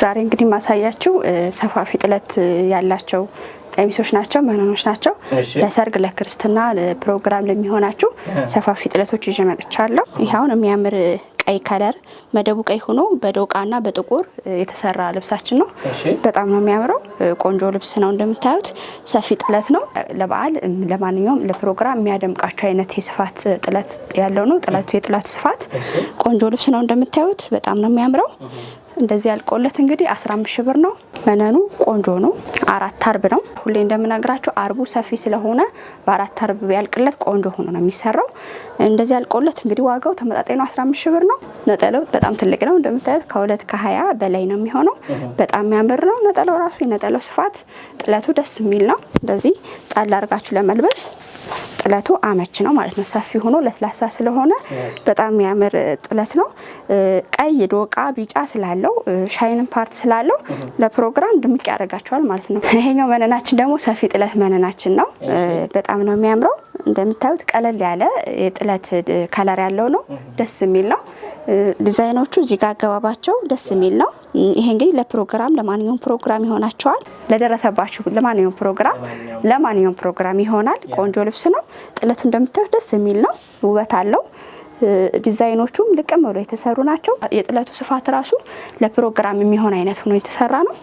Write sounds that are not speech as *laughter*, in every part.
ዛሬ እንግዲህ ማሳያችሁ ሰፋፊ ጥለት ያላቸው ቀሚሶች ናቸው፣ መነኖች ናቸው። ለሰርግ፣ ለክርስትና ፕሮግራም ለሚሆናችሁ ሰፋፊ ጥለቶች ይዤ መጥቻለሁ። ይኸውን የሚያምር ቀይ ከለር መደቡ ቀይ ሆኖ በዶቃና በጥቁር የተሰራ ልብሳችን ነው። በጣም ነው የሚያምረው። ቆንጆ ልብስ ነው። እንደምታዩት ሰፊ ጥለት ነው። ለበዓል ለማንኛውም ለፕሮግራም የሚያደምቃቸው አይነት የስፋት ጥለት ያለው ነው። ጥለቱ የጥለቱ ስፋት ቆንጆ ልብስ ነው። እንደምታዩት በጣም ነው የሚያምረው። እንደዚህ ያልቆለት እንግዲህ 15 ሺህ ብር ነው። መነኑ ቆንጆ ነው። አራት አርብ ነው። ሁሌ እንደምነግራቸው አርቡ ሰፊ ስለሆነ በአራት አርብ ያልቅለት ቆንጆ ሆኖ ነው የሚሰራው። እንደዚህ ያልቆለት እንግዲህ ዋጋው ተመጣጣኝ ነው። 15 ሺህ ብር ነው። ነጠለው በጣም ትልቅ ነው። እንደምታዩት ከሁለት ከሀያ በላይ ነው የሚሆነው። በጣም የሚያምር ነው ነጠለው ራሱ። የነጠለው ስፋት ጥለቱ ደስ የሚል ነው። እንደዚህ ጣል አድርጋችሁ ለመልበስ ጥለቱ አመች ነው ማለት ነው። ሰፊ ሆኖ ለስላሳ ስለሆነ በጣም የሚያምር ጥለት ነው። ቀይ ዶቃ፣ ቢጫ ስላለው ሻይንን ፓርት ስላለው ለፕሮግራም ድምቅ ያደርጋቸዋል ማለት ነው። ይሄኛው መነናችን ደግሞ ሰፊ ጥለት መነናችን ነው። በጣም ነው የሚያምረው። እንደምታዩት ቀለል ያለ የጥለት ከለር ያለው ነው። ደስ የሚል ነው። ዲዛይኖቹ እዚህ ጋር አገባባቸው ደስ የሚል ነው። ይሄ እንግዲህ ለፕሮግራም ለማንኛውም ፕሮግራም ይሆናቸዋል። ለደረሰባችሁ ለማንኛውም ፕሮግራም ለማንኛውም ፕሮግራም ይሆናል። ቆንጆ ልብስ ነው። ጥለቱ እንደምታዩት ደስ የሚል ነው። ውበት አለው። ዲዛይኖቹም ልቅም ብሎ የተሰሩ ናቸው። የጥለቱ ስፋት ራሱ ለፕሮግራም የሚሆን አይነት ሆኖ የተሰራ ነው።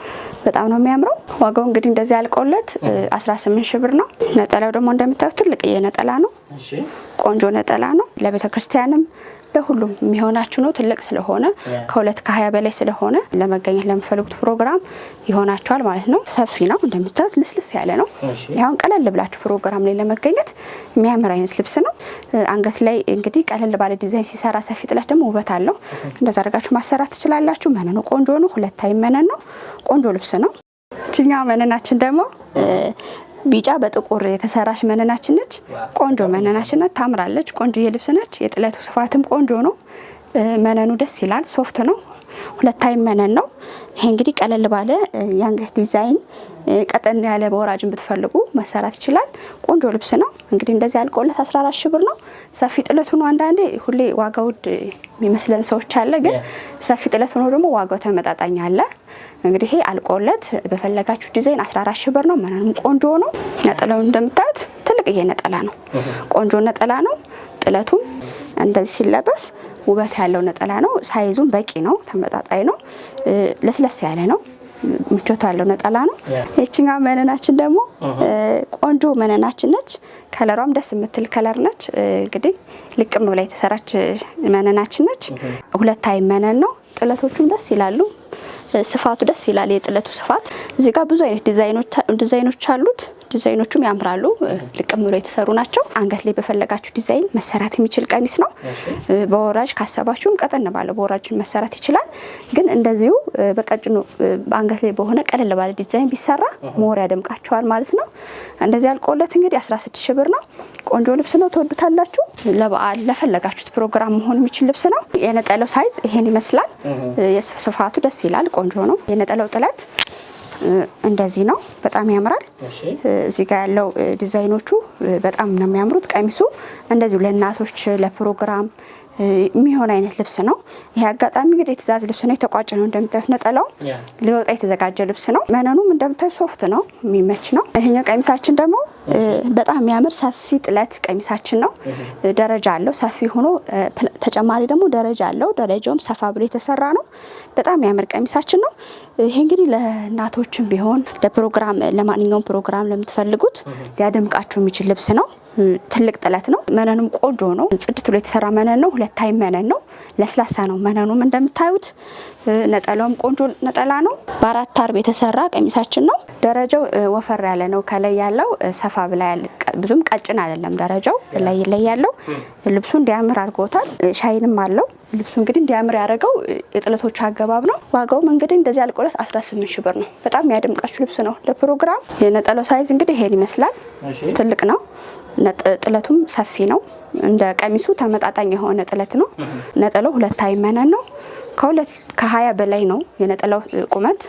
በጣም ነው የሚያምረው። ዋጋው እንግዲህ እንደዚህ ያልቆለት 18 ሺህ ብር ነው። ነጠላው ደግሞ እንደምታዩት ትልቅዬ ነጠላ ነው። ቆንጆ ነጠላ ነው። ለቤተክርስቲያንም ለሁሉም የሚሆናችሁ ነው። ትልቅ ስለሆነ ከሁለት ከሀያ በላይ ስለሆነ ለመገኘት ለምፈልጉት ፕሮግራም ይሆናቸዋል ማለት ነው። ሰፊ ነው እንደምታዩት፣ ልስልስ ያለ ነው። ያሁን ቀለል ብላችሁ ፕሮግራም ላይ ለመገኘት የሚያምር አይነት ልብስ ነው። አንገት ላይ እንግዲህ ቀለል ባለ ዲዛይን ሲሰራ ሰፊ ጥለት ደግሞ ውበት አለው። እንደዛ አድርጋችሁ ማሰራት ትችላላችሁ። መነኑ ቆንጆ ነው። ሁለት ታይም መነን ነው። ቆንጆ ልብስ ነው። እችኛዋ መነናችን ደግሞ ቢጫ በጥቁር የተሰራች መነናችን ነች። ቆንጆ መነናችን ናት። ታምራለች። ቆንጆ የልብስ ነች። የጥለቱ ስፋትም ቆንጆ ነው። መነኑ ደስ ይላል። ሶፍት ነው። ሁለታይ መነን ነው። ይሄ እንግዲህ ቀለል ባለ የአንገት ዲዛይን ቀጠን ያለ በወራጅን ብትፈልጉ መሰራት ይችላል። ቆንጆ ልብስ ነው እንግዲህ እንደዚህ አልቆለት 14 ሺህ ብር ነው። ሰፊ ጥለት ሆኖ አንዳንዴ ሁሌ ዋጋ ውድ የሚመስለን ሰዎች አለ፣ ግን ሰፊ ጥለት ሆኖ ደግሞ ዋጋው ተመጣጣኝ አለ። እንግዲህ ይሄ አልቆለት በፈለጋችሁ ዲዛይን 14 ሺህ ብር ነው። መነኑም ቆንጆ ነው። ነጠላው እንደምታዩት ትልቅ ይሄ ነጠላ ነው። ቆንጆ ነጠላ ነው። ጥለቱም እንደዚህ ሲለበስ ውበት ያለው ነጠላ ነው። ሳይዙም በቂ ነው፣ ተመጣጣኝ ነው፣ ለስለስ ያለ ነው፣ ምቾት ያለው ነጠላ ነው። ይችኛ መነናችን ደግሞ uh-huh. ቆንጆ መነናችን ነች። ከለሯም ደስ የምትል ከለር ነች። እንግዲህ ልቅም ብላ የተሰራች መነናችን ነች። uh-huh. ሁለት አይ መነን ነው። ጥለቶቹም ደስ ይላሉ። ስፋቱ ደስ ይላል። የጥለቱ ስፋት እዚህ ጋር ብዙ አይነት ዲዛይኖች አሉት። ዲዛይኖቹም ያምራሉ። ልቅም ብሎ የተሰሩ ናቸው። አንገት ላይ በፈለጋችሁ ዲዛይን መሰራት የሚችል ቀሚስ ነው። በወራጅ ካሰባችሁም ቀጠን ባለ በወራጅ መሰራት ይችላል። ግን እንደዚሁ በቀጭኑ አንገት ላይ በሆነ ቀለል ባለ ዲዛይን ቢሰራ ሞር ያደምቃቸዋል ማለት ነው። እንደዚህ ያልቆለት እንግዲህ 16 ሺህ ብር ነው። ቆንጆ ልብስ ነው። ተወዱታላችሁ። ለበዓል ለፈለጋችሁት ፕሮግራም መሆን የሚችል ልብስ ነው። የነጠለው ሳይዝ ይሄን ይመስላል። ስፋቱ ደስ ይላል። ቆንጆ ነው የነጠለው ጥለት እንደዚህ ነው። በጣም ያምራል። እዚህ ጋር ያለው ዲዛይኖቹ በጣም ነው የሚያምሩት። ቀሚሱ እንደዚሁ ለእናቶች ለፕሮግራም የሚሆን አይነት ልብስ ነው። ይሄ አጋጣሚ እንግዲህ የትእዛዝ ልብስ ነው። የተቋጭ ነው እንደምታዩት። ነጠላው ሊወጣ የተዘጋጀ ልብስ ነው። መነኑም እንደምታዩ ሶፍት ነው፣ የሚመች ነው። ይሄኛው ቀሚሳችን ደግሞ በጣም የሚያምር ሰፊ ጥለት ቀሚሳችን ነው። ደረጃ አለው ሰፊ ሆኖ ተጨማሪ ደግሞ ደረጃ አለው። ደረጃውም ሰፋ ብሎ የተሰራ ነው። በጣም የሚያምር ቀሚሳችን ነው። ይሄ እንግዲህ ለእናቶችም ቢሆን ለፕሮግራም፣ ለማንኛውም ፕሮግራም ለምትፈልጉት ሊያደምቃችሁ የሚችል ልብስ ነው። ትልቅ ጥለት ነው። መነኑም ቆንጆ ነው። ጽድት ብሎ የተሰራ መነን ነው። ሁለታይ መነን ነው። ለስላሳ ነው መነኑም እንደምታዩት። ነጠላውም ቆንጆ ነጠላ ነው። በአራት አርብ የተሰራ ቀሚሳችን ነው። ደረጃው ወፈር ያለ ነው። ከላይ ያለው ሰፋ ብላ ብዙም ቀጭን አይደለም። ደረጃው ላይ ላይ ያለው ልብሱ እንዲያምር አድርጎታል። ሻይንም አለው ልብሱ እንግዲህ እንዲያምር ያደረገው የጥለቶቹ አገባብ ነው። ዋጋውም እንግዲህ እንደዚህ አልቆለት 18 ሺህ ብር ነው። በጣም ያደምቃችሁ ልብስ ነው ለፕሮግራም። የነጠለው ሳይዝ እንግዲህ ይሄን ይመስላል። ትልቅ ነው። ጥለቱም ሰፊ ነው። እንደ ቀሚሱ ተመጣጣኝ የሆነ ጥለት ነው። ነጠላው ሁለት አይመነን ነው። ከሁለት ከሀያ በላይ ነው የነጠላው ቁመት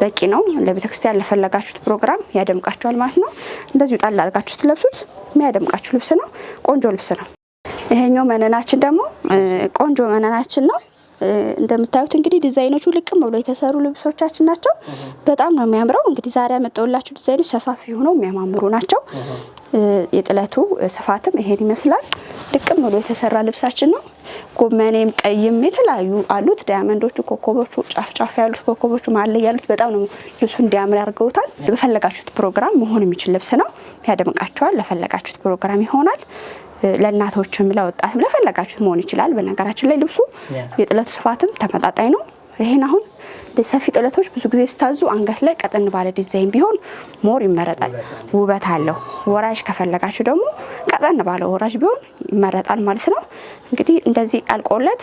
በቂ ነው። ለቤተክርስቲያን ለፈለጋችሁት ፕሮግራም ያደምቃችኋል ማለት ነው። እንደዚሁ ጣል አድርጋችሁ ስትለብሱት የሚያደምቃችሁ ልብስ ነው። ቆንጆ ልብስ ነው። ይሄኛው መነናችን ደግሞ ቆንጆ መነናችን ነው። እንደምታዩት እንግዲህ ዲዛይኖቹ ልቅም ብሎ የተሰሩ ልብሶቻችን ናቸው። በጣም ነው የሚያምረው። እንግዲህ ዛሬ ያመጣውላችሁ ዲዛይኖች ሰፋፊ ሆነው የሚያማምሩ ናቸው። የጥለቱ ስፋትም ይሄን ይመስላል። ድቅም ብሎ የተሰራ ልብሳችን ነው። ጎመኔም ቀይም የተለያዩ አሉት። ዳያመንዶቹ፣ ኮከቦቹ፣ ጫፍ ጫፍ ያሉት ኮከቦቹ ማለ ያሉት በጣም ነው ልብሱ እንዲያምር ያርገውታል። በፈለጋችሁት ፕሮግራም መሆን የሚችል ልብስ ነው። ያደምቃቸዋል። ለፈለጋችሁት ፕሮግራም ይሆናል። ለእናቶችም፣ ለወጣትም፣ ለፈለጋችሁት መሆን ይችላል። በነገራችን ላይ ልብሱ የጥለቱ ስፋትም ተመጣጣኝ ነው። ይሄን አሁን ሰፊ ጥለቶች ብዙ ጊዜ ስታዙ አንገት ላይ ቀጠን ባለ ዲዛይን ቢሆን ሞር ይመረጣል፣ ውበት አለው። ወራጅ ከፈለጋችሁ ደግሞ ቀጠን ባለ ወራጅ ቢሆን ይመረጣል ማለት ነው። እንግዲህ እንደዚህ አልቆለት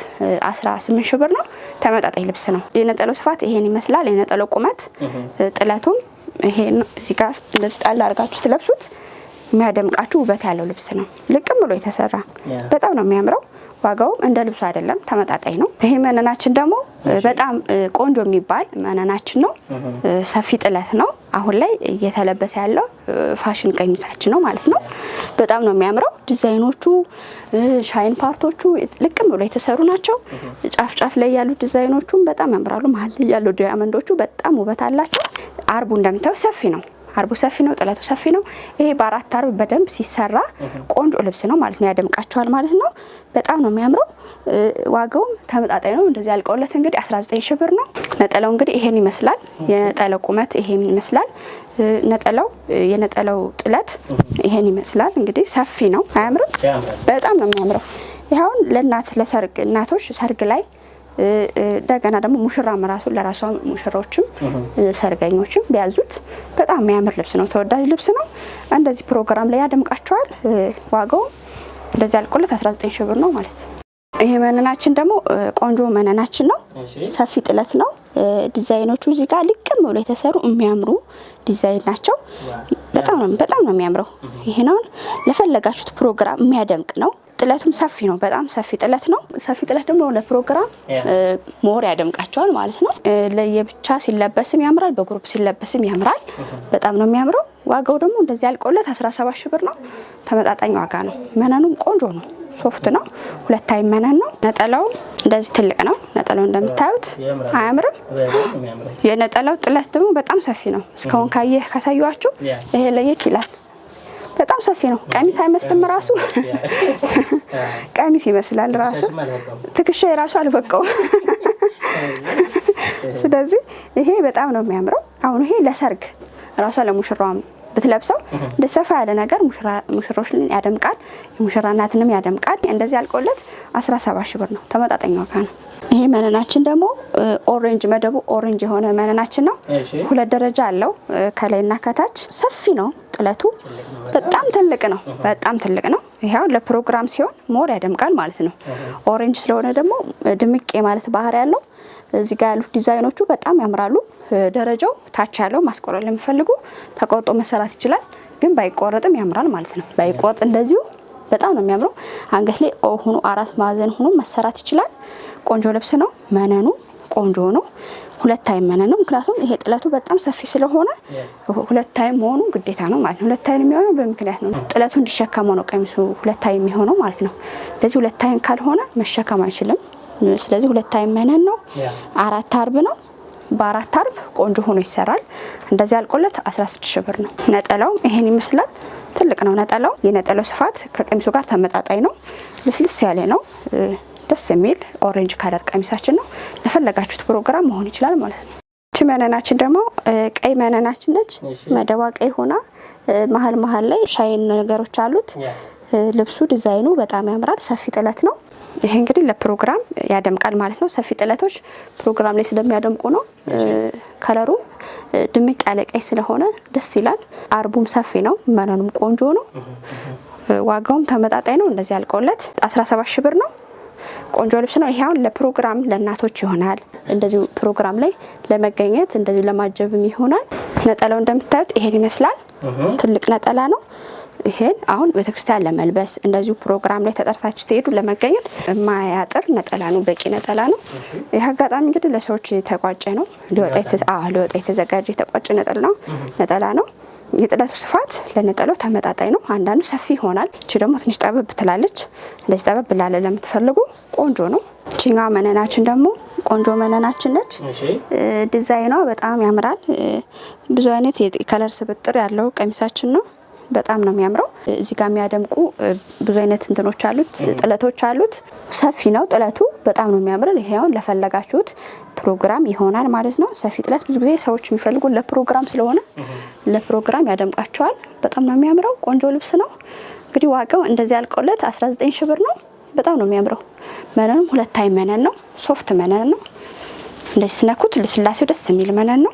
18 ሺህ ብር ነው። ተመጣጣኝ ልብስ ነው። የነጠለው ስፋት ይሄን ይመስላል። የነጠለው ቁመት ጥለቱም ይሄ እዚህ ጋር እንደዚህ ጣል አድርጋችሁ ትለብሱት የሚያደምቃችሁ ውበት ያለው ልብስ ነው። ልቅም ብሎ የተሰራ በጣም ነው የሚያምረው። ዋጋውም እንደ ልብሱ አይደለም፣ ተመጣጣኝ ነው። ይሄ መነናችን ደግሞ በጣም ቆንጆ የሚባል መነናችን ነው። ሰፊ ጥለት ነው። አሁን ላይ እየተለበሰ ያለው ፋሽን ቀሚሳችን ነው ማለት ነው። በጣም ነው የሚያምረው። ዲዛይኖቹ ሻይን ፓርቶቹ ልቅም ብሎ የተሰሩ ናቸው። ጫፍ ጫፍ ላይ ያሉት ዲዛይኖቹም በጣም ያምራሉ። መሀል ላይ ያሉ ዲያመንዶቹ በጣም ውበት አላቸው። አርቡ እንደምታየው ሰፊ ነው። አርቡ ሰፊ ነው፣ ጥለቱ ሰፊ ነው። ይሄ በአራት አርብ በደንብ ሲሰራ ቆንጆ ልብስ ነው ማለት ነው። ያደምቃቸዋል ማለት ነው። በጣም ነው የሚያምረው። ዋጋውም ተመጣጣኝ ነው። እንደዚህ ያልቀውለት እንግዲህ 19 ሺህ ብር ነው። ነጠላው እንግዲህ ይሄን ይመስላል። የነጠላው ቁመት ይሄን ይመስላል። ነጠላው የነጠላው ጥለት ይሄን ይመስላል። እንግዲህ ሰፊ ነው። አያምርም? በጣም ነው የሚያምረው። ይኸውን ለእናት ለሰርግ እናቶች ሰርግ ላይ እንደገና ደግሞ ሙሽራም ራሱ ለራሷ ሙሽራዎችም ሰርገኞችም ቢያዙት በጣም የሚያምር ልብስ ነው፣ ተወዳጅ ልብስ ነው። እንደዚህ ፕሮግራም ላይ ያደምቃቸዋል። ዋጋው እንደዚህ አልቆለት 19 ሺህ ብር ነው ማለት ነው። ይሄ መነናችን ደግሞ ቆንጆ መነናችን ነው። ሰፊ ጥለት ነው። ዲዛይኖቹ እዚህ ጋር ልቅም ብሎ የተሰሩ የሚያምሩ ዲዛይን ናቸው። በጣም ነው የሚያምረው። ይሄ ነውን ለፈለጋችሁት ፕሮግራም የሚያደምቅ ነው። ጥለቱም ሰፊ ነው። በጣም ሰፊ ጥለት ነው። ሰፊ ጥለት ደግሞ ፕሮግራም ሞር ያደምቃቸዋል ማለት ነው። ለየብቻ ሲለበስም ያምራል፣ በግሩፕ ሲለበስም ያምራል። በጣም ነው የሚያምረው። ዋጋው ደግሞ እንደዚህ ያልቆለት 17 ሺህ ብር ነው። ተመጣጣኝ ዋጋ ነው። መነኑም ቆንጆ ነው። ሶፍት ነው። ሁለት መነን ነው። ነጠላው እንደዚህ ትልቅ ነው። ነጠላው እንደምታዩት አያምርም? የነጠላው ጥለት ደግሞ በጣም ሰፊ ነው። እስካሁን ካየህ ካሳየኋችሁ ይሄ ለየት ይላል። ሰፊ ነው። ቀሚስ አይመስልም ራሱ *laughs* ቀሚስ ይመስላል ራሱ። ትከሻ የራሱ አልበቃውም። *laughs* ስለዚህ ይሄ በጣም ነው የሚያምረው። አሁን ይሄ ለሰርግ ራሷ ለሙሽራዋም ብትለብሰው *laughs* እንደ ሰፋ ያለ ነገር ሙሽሮችን ያደምቃል፣ የሙሽራ ያደምቃል። እንደዚህ አልቆለት 17 ሺ ብር ነው ተመጣጣኝ ዋጋ ነው። ይሄ መነናችን ደግሞ ኦሬንጅ መደቡ ኦሬንጅ የሆነ መነናችን ነው። ሁለት ደረጃ አለው ከላይና ከታች ሰፊ ነው። ጥለቱ በጣም ትልቅ ነው፣ በጣም ትልቅ ነው። ይሄው ለፕሮግራም ሲሆን ሞር ያደምቃል ማለት ነው። ኦሬንጅ ስለሆነ ደግሞ ድምቅ ማለት ባህር ያለው እዚህ ጋር ያሉት ዲዛይኖቹ በጣም ያምራሉ። ደረጃው ታች ያለው ማስቆረጥ ለሚፈልጉ ተቆርጦ መሰራት ይችላል፣ ግን ባይቆረጥም ያምራል ማለት ነው። ባይቆርጥ እንደዚሁ በጣም ነው የሚያምረው። አንገት ላይ ሆኖ አራት ማዕዘን ሆኖ መሰራት ይችላል። ቆንጆ ልብስ ነው መነኑ ቆንጆ ነው። ሁለት ታይም መነ ነው። ምክንያቱም ይሄ ጥለቱ በጣም ሰፊ ስለሆነ ሁለት ታይም መሆኑ ግዴታ ነው ማለት ነው። ሁለት ታይም የሚሆነው በምክንያት ነው፣ ጥለቱ እንዲሸከመው ነው ቀሚሱ ሁለት ታይም የሚሆነው ማለት ነው። ስለዚህ ሁለት ታይም ካልሆነ መሸከም አይችልም። ስለዚህ ሁለት ታይም መነን ነው። አራት አርብ ነው። በአራት አርብ ቆንጆ ሆኖ ይሰራል። እንደዚህ አልቆለት 16 ሺህ ብር ነው። ነጠላው ይሄን ይመስላል። ትልቅ ነው ነጠላው። የነጠላው ስፋት ከቀሚሱ ጋር ተመጣጣኝ ነው። ልስልስ ያለ ነው። ደስ የሚል ኦሬንጅ ካለር ቀሚሳችን ነው። ለፈለጋችሁት ፕሮግራም መሆን ይችላል ማለት ነው። ይቺ መነናችን ደግሞ ቀይ መነናችን ነች። መደባ ቀይ ሆና መሀል መሀል ላይ ሻይን ነገሮች አሉት። ልብሱ ዲዛይኑ በጣም ያምራል። ሰፊ ጥለት ነው። ይሄ እንግዲህ ለፕሮግራም ያደምቃል ማለት ነው። ሰፊ ጥለቶች ፕሮግራም ላይ ስለሚያደምቁ ነው። ከለሩም ድምቅ ያለ ቀይ ስለሆነ ደስ ይላል። አርቡም ሰፊ ነው። መነኑም ቆንጆ ነው። ዋጋውም ተመጣጣኝ ነው። እንደዚህ ያልቀውለት 17 ሺ ብር ነው። ቆንጆ ልብስ ነው። ይሄ አሁን ለፕሮግራም ለእናቶች ይሆናል። እንደዚሁ ፕሮግራም ላይ ለመገኘት እንደዚሁ ለማጀብም ይሆናል። ነጠላው እንደምታዩት ይሄን ይመስላል። ትልቅ ነጠላ ነው። ይሄን አሁን ቤተክርስቲያን ለመልበስ እንደዚሁ ፕሮግራም ላይ ተጠርታችሁ ትሄዱ ለመገኘት የማያጥር ነጠላ ነው። በቂ ነጠላ ነው። ይህ አጋጣሚ እንግዲህ ለሰዎች የተቋጨ ነው። ሊወጣ የተዘጋጀ የተቋጨ ነጠላ ነው። የጥለቱ ስፋት ለነጠለው ተመጣጣኝ ነው። አንዳንዱ ሰፊ ይሆናል። እቺ ደግሞ ትንሽ ጠበብ ትላለች። እንደዚህ ጠበብ ላለ ለምትፈልጉ ቆንጆ ነው። እቺኛ መነናችን ደግሞ ቆንጆ መነናችን ነች። ዲዛይኗ በጣም ያምራል። ብዙ አይነት የከለር ስብጥር ያለው ቀሚሳችን ነው። በጣም ነው የሚያምረው። እዚህ ጋር የሚያደምቁ ብዙ አይነት እንትኖች አሉት፣ ጥለቶች አሉት። ሰፊ ነው ጥለቱ፣ በጣም ነው የሚያምረው። ይሄውን ለፈለጋችሁት ፕሮግራም ይሆናል ማለት ነው። ሰፊ ጥለት ብዙ ጊዜ ሰዎች የሚፈልጉ ለፕሮግራም ስለሆነ ለፕሮግራም ያደምቃቸዋል። በጣም ነው የሚያምረው። ቆንጆ ልብስ ነው። እንግዲህ ዋጋው እንደዚህ ያልቀውለት 19 ሺህ ብር ነው። በጣም ነው የሚያምረው። መነኑም አይ መነን ነው፣ ሶፍት መነን ነው። እንደዚህ ትነኩት ልስላሴው ደስ የሚል መነን ነው።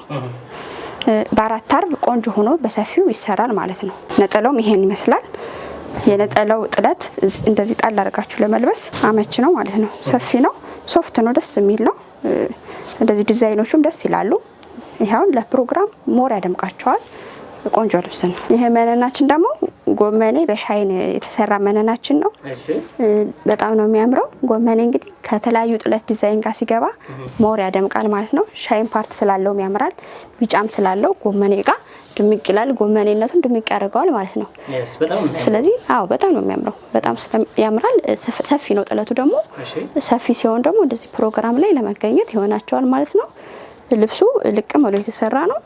በአራት አርብ ቆንጆ ሆኖ በሰፊው ይሰራል ማለት ነው። ነጠላውም ይሄን ይመስላል። የነጠላው ጥለት እንደዚህ ጣል አድርጋችሁ ለመልበስ አመች ነው ማለት ነው። ሰፊ ነው፣ ሶፍት ነው፣ ደስ የሚል ነው። እንደዚህ ዲዛይኖቹም ደስ ይላሉ። ይኸውን ለፕሮግራም ሞር ያደምቃቸዋል። ቆንጆ ልብስ ነው። ይሄ መነናችን ደግሞ ጎመኔ በሻይን የተሰራ መነናችን ነው። በጣም ነው የሚያምረው። ጎመኔ እንግዲህ ከተለያዩ ጥለት ዲዛይን ጋር ሲገባ ሞር ያደምቃል ማለት ነው። ሻይን ፓርት ስላለውም ያምራል፣ ቢጫም ስላለው ጎመኔ ጋር ድምቅ ይላል። ጎመኔነቱን ድምቅ ያደርገዋል ማለት ነው። ስለዚህ አዎ፣ በጣም ነው የሚያምረው። በጣም ያምራል። ሰፊ ነው ጥለቱ ደግሞ። ሰፊ ሲሆን ደግሞ እንደዚህ ፕሮግራም ላይ ለመገኘት ይሆናቸዋል ማለት ነው። ልብሱ ልቅም ብሎ የተሰራ ነው።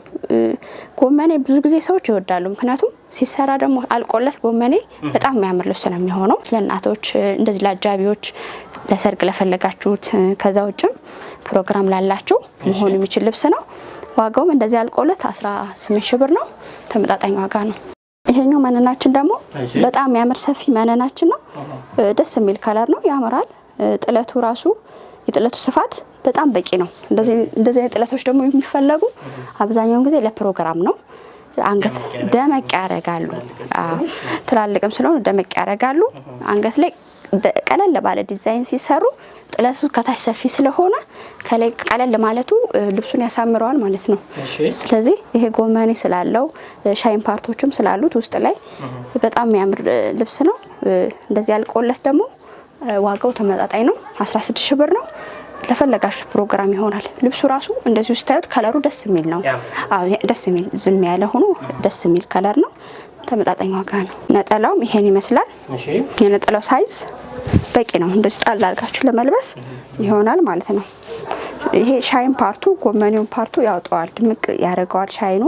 ጎመኔ ብዙ ጊዜ ሰዎች ይወዳሉ፣ ምክንያቱም ሲሰራ ደግሞ አልቆለት ጎመኔ በጣም የሚያምር ልብስ ነው የሚሆነው። ለእናቶች እንደዚህ፣ ለአጃቢዎች፣ ለሰርግ ለፈለጋችሁት፣ ከዛ ውጭም ፕሮግራም ላላችሁ መሆን የሚችል ልብስ ነው። ዋጋውም እንደዚህ አልቆለት 18 ሺህ ብር ነው። ተመጣጣኝ ዋጋ ነው። ይሄኛው መነናችን ደግሞ በጣም የሚያምር ሰፊ መነናችን ነው። ደስ የሚል ከለር ነው፣ ያምራል። ጥለቱ ራሱ የጥለቱ ስፋት በጣም በቂ ነው። እንደዚህ አይነት ጥለቶች ደግሞ የሚፈለጉ አብዛኛውን ጊዜ ለፕሮግራም ነው። አንገት ደመቅ ያደርጋሉ። ትላልቅም ስለሆኑ ደመቅ ያደርጋሉ። አንገት ላይ ቀለል ባለ ዲዛይን ሲሰሩ ጥለቱ ከታች ሰፊ ስለሆነ ከላይ ቀለል ማለቱ ልብሱን ያሳምረዋል ማለት ነው። ስለዚህ ይሄ ጎመኔ ስላለው ሻይን ፓርቶችም ስላሉት ውስጥ ላይ በጣም የሚያምር ልብስ ነው። እንደዚህ ያልቆለት ደግሞ ዋጋው ተመጣጣኝ ነው። 16 ሺህ ብር ነው። ለፈለጋችሁ ፕሮግራም ይሆናል። ልብሱ ራሱ እንደዚሁ ስታዩት ከለሩ ደስ የሚል ነው። ደስ የሚል ዝም ያለ ሆኖ ደስ የሚል ከለር ነው። ተመጣጣኝ ዋጋ ነው። ነጠላውም ይሄን ይመስላል። የነጠላው ሳይዝ በቂ ነው። እንደዚህ ጣል አድርጋችሁ ለመልበስ ይሆናል ማለት ነው። ይሄ ሻይን ፓርቱ ጎመኔውን ፓርቱ ያውጠዋል፣ ድምቅ ያደርገዋል ሻይኑ።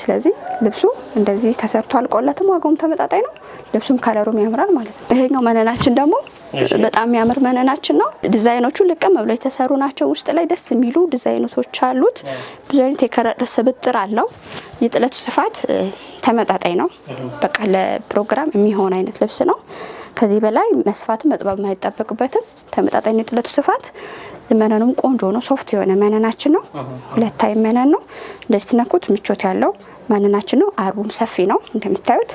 ስለዚህ ልብሱ እንደዚህ ተሰርቶ አልቆለትም። ዋጋውም ተመጣጣኝ ነው። ልብሱም ከለሩም ያምራል ማለት ነው። ይሄኛው መነናችን ደግሞ በጣም የሚያምር መነናችን ነው። ዲዛይኖቹ ልቅም ብሎ የተሰሩ ናቸው። ውስጥ ላይ ደስ የሚሉ ዲዛይኖቶች አሉት። ብዙ አይነት የከረር ስብጥር አለው። የጥለቱ ስፋት ተመጣጣኝ ነው። በቃ ለፕሮግራም የሚሆን አይነት ልብስ ነው። ከዚህ በላይ መስፋትም መጥበብ አይጠበቅበትም። ተመጣጣኝ የጥለቱ ስፋት መነኑም ቆንጆ ነው። ሶፍት የሆነ መነናችን ነው። ሁለት ታይ መነን ነው። እንደዚህ ትነኩት ምቾት ያለው ማንናችን ነው። አርቡም ሰፊ ነው እንደምታዩት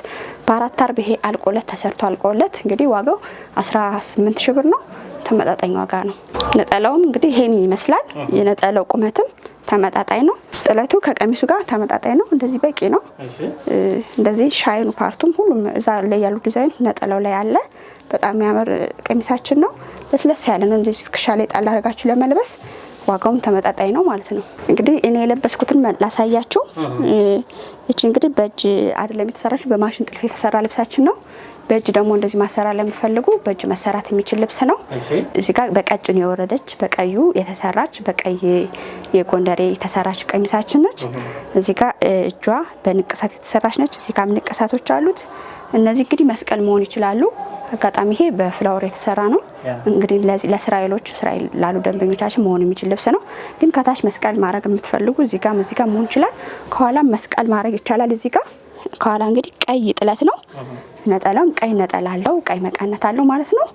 በአራት አርብ ይሄ አልቆለት ተሰርቶ አልቆለት እንግዲህ ዋጋው 18 ሺህ ብር ነው። ተመጣጣኝ ዋጋ ነው። ነጠላውም እንግዲህ ይሄን ይመስላል። የነጠላው ቁመትም ተመጣጣኝ ነው። ጥለቱ ከቀሚሱ ጋር ተመጣጣኝ ነው። እንደዚህ በቂ ነው። እንደዚህ ሻይኑ ፓርቱም ሁሉም እዛ ላይ ያሉ ዲዛይን ነጠላው ላይ አለ። በጣም የሚያምር ቀሚሳችን ነው። ለስለስ ያለ ነው። እንደዚህ ትከሻ ላይ ጣል አድርጋችሁ ለመልበስ ዋጋውም ተመጣጣኝ ነው ማለት ነው። እንግዲህ እኔ የለበስኩትን ላሳያችሁ። ይቺ እንግዲህ በእጅ አይደለም የተሰራችው፣ በማሽን ጥልፍ የተሰራ ልብሳችን ነው። በእጅ ደግሞ እንደዚህ ማሰራ ለሚፈልጉ በእጅ መሰራት የሚችል ልብስ ነው። እዚህ ጋር በቀጭን የወረደች በቀዩ የተሰራች በቀይ የጎንደሬ የተሰራች ቀሚሳችን ነች። እዚህ ጋር እጇ በንቅሳት የተሰራች ነች። እዚህ ጋርም ንቅሳቶች አሉት። እነዚህ እንግዲህ መስቀል መሆን ይችላሉ። አጋጣሚ ይሄ በፍላወር የተሰራ ነው። እንግዲህ ለእስራኤሎች እስራኤል ላሉ ደንበኞቻችን መሆን የሚችል ልብስ ነው። ግን ከታች መስቀል ማድረግ የምትፈልጉ እዚህ ጋር እዚህ ጋር መሆን ይችላል። ከኋላም መስቀል ማድረግ ይቻላል። እዚህ ጋር ከኋላ እንግዲህ ቀይ ጥለት ነው ነጠላም ቀይ ነጠላ አለው ቀይ መቀነት አለው ማለት ነው።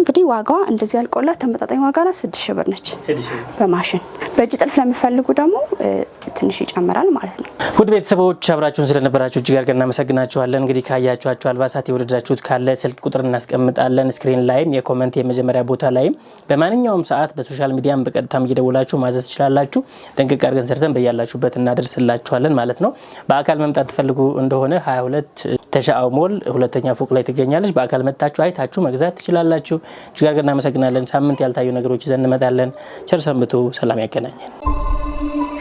እንግዲህ ዋጋዋ እንደዚህ ያልቆላት ተመጣጣኝ ዋጋ ናት። ስድስት ሺህ ብር ነች በማሽን በእጅ ጥልፍ ለሚፈልጉ ደግሞ ትንሽ ይጨምራል ማለት ነው። ውድ ቤተሰቦች አብራችሁን ስለነበራችሁ እጅግ አድርገን እናመሰግናችኋለን። እንግዲህ ካያችኋቸው አልባሳት የወደዳችሁት ካለ ስልክ ቁጥር እናስቀምጣለን ስክሪን ላይም የኮመንት የመጀመሪያ ቦታ ላይም በማንኛውም ሰዓት በሶሻል ሚዲያም በቀጥታም እየደውላችሁ ማዘዝ ትችላላችሁ። ጥንቅቅ አድርገን ሰርተን በያላችሁበት እናደርስላችኋለን ማለት ነው። በአካል መምጣት ትፈልጉ እንደሆነ 22 ተሻ አውሞል ሁለተኛ ፎቅ ላይ ትገኛለች። በአካል መጥታችሁ አይታችሁ መግዛት ትችላላችሁ። እጅግ አድርገን እናመሰግናለን። ሳምንት ያልታዩ ነገሮች ይዘን እንመጣለን። ቸር ሰንብቱ። ሰላም ያገናኘን።